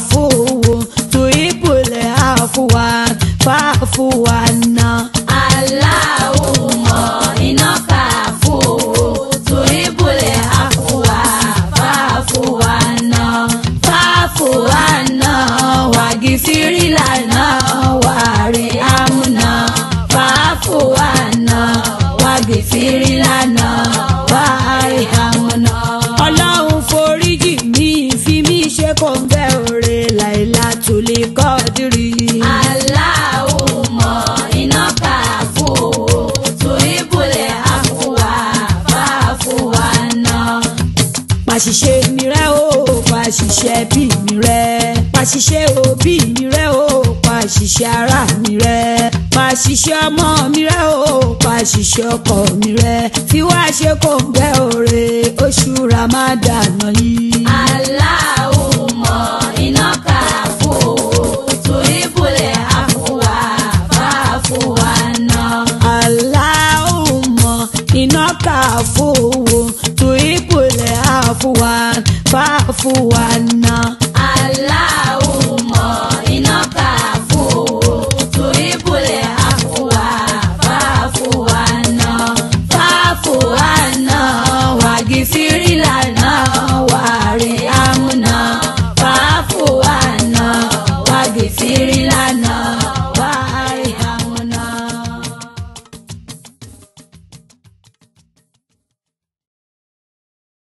afuwu tuibule afuwan fafuwan na. Allahumma inaka afuwu tuibule afuwan fafuwan na. Fafuwan na wari amuna. na wagifiri lana wari amuna. Ọlọ́run foríjì mi fi mí ṣe kò. pàṣìṣe mi rẹ́ o pàṣìṣe bí mi rẹ́ pàṣìṣe òbí mi rẹ́ o pàṣìṣe ara mi rẹ́ pàṣìṣe ọmọ mi rẹ́ o pàṣìṣe ọkọ mi rẹ́ fi wá ṣe kò ń gbẹ òre oṣù Ramadan yìí. Allahumma iná kà fún o torí bùlẹ̀ àfúwà bá àfúwà náà. Allahumma iná kà kà fún wa náà. aláwùmọ̀ iná kà fún o tó ibùlẹ̀ àfùwà fàfùwà náà fàfùwà náà wàgì